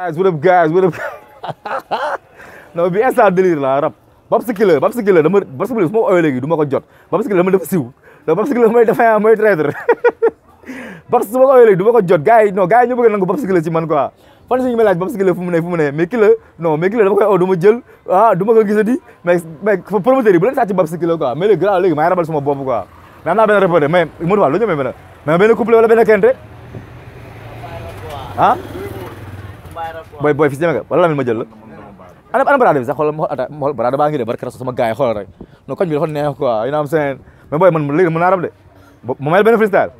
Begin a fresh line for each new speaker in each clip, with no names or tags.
guys what up guys what up non bi instant délire la rab Babsikile Babsikile dama Babsikile su ma ooyee léegi du ko jot Babsikile dama dafa siw donc mooy dafa mooy traître Babs su ma ko fan suñu ma laaj Babsikile ne fu ne mais kii la non mais kii la dama koy oo du ma jël ah, ko gisati mais mais promoteur yi bu leen sàcc Babsikile quoi mais léegi gannaaw léegi rabal sama bopp quoi mais am naa benn reporté mais Modou Fall lu ñu amee benn mais benn couple wala benn kente ah? booy booy fi si demee nga wala Lamine ma jël la. ana ana baraada bi sax xoolal ma xool attaque ma xool baraada baa ngi de barke rasul sama gars yi xoolal rek non koñ bi dafa neex quoi yéen a am seen mais booy man léegi mën naa rab de ma mayal benn freestyle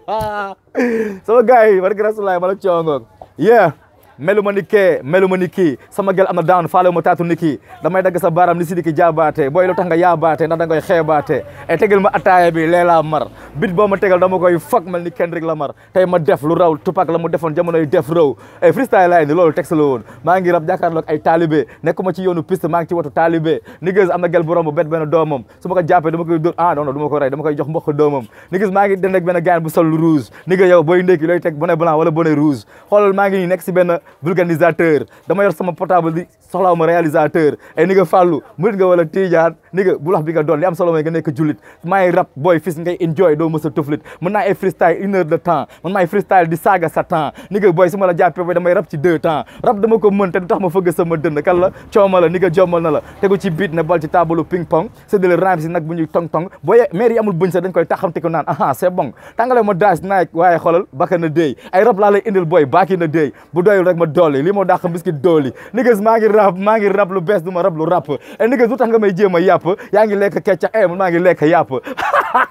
sama gars yi barke rasul laay ma la coongoog yeah melu ma ni melu ma ni kii sama gel am na daan faale ma taatu ni kii damay dagg sa baaraam ni sidiki jaabaate booy lu tax nga yaabaate ndax da ngay xeebaate e eh, tegal ma ataaya bi leelaa mar bit boo ma tegal dama koy fag mel ni Kendrick Lamar tey ma def lu raw Tupac la mu defoon jamonoy def raw e freestyle laay ni loolu texte la woon maa ngi rab jàkkaarloog ay taalibe nekkuma ci yoonu piste maa ngi ci watu taalibe ni gis am na gel bu bet benn ah, maa ngi den ak benn gaan bu sol rouge ni nga yow booy ndékki looy teg vulganisateur dama yor sama portable di soxlaaw ma réalisateur ay eh, ni nga fàllu murit nga wala tiijaan ni bu lax bi nga doon li am solo mooy nekk julit maay rap booy fis ngay enjoy doo mës a tuflit mën naa ay freestyle une heure de temps mën naa ay freestyle di saaga sa temps ni nga booy ma la ci deux temps rap dama ko mën te du tax ma fëgg sama dënn kan la cooma jommal na la tegu ci biit ne bal ci tabalu ping pong séddale ram si nag bu ñuy tong tong booy rek ma dolli lii moo dàq biscuit dolli niggas maa ngi rap maa ngi rap lu bees du ma rap lu rap et eh, niggas lu tax nga may jéem a yàpp yaa ngi lekk keccax e eh, man maa ngi lekk yàpp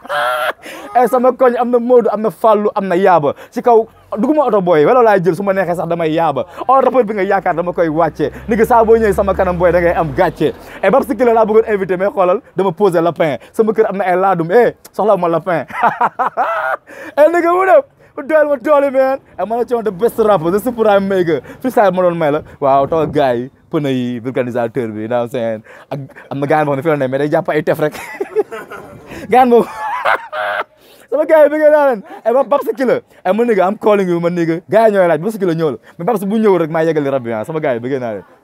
e sama koñ am na Modou am na Fallou am na yaaba si kaw duguma oto booy wala laay jël su ma neexee sax damay yaaba on oh, rappeur bi nga yaakaar dama koy wàccee ni nga saaboo boo ñëwee sama kanam booy da ngay am gàcce e bab si kila laa bëggoon invité mais xoolal dama posé lapin sama kër am na ay laadum e ma lapin e ni nga mu dool ma dool yi man ak ah, ma ne coono the best rapper the super rap maker freestyle ma doon may la waaw tax gars yi vulcanisateur bi naam seen na gaan boo xam ne fi la ne mais day jàpp ay tef gaan boobu sama gars yi bi ngeen naan ay ma Babs am calling bi ma nigga gars yi ñooy laaj Babs Killa ñëw la mais Babs bu ñëwul rek maa yegali rab bi ah, sama gars yi bi ngeen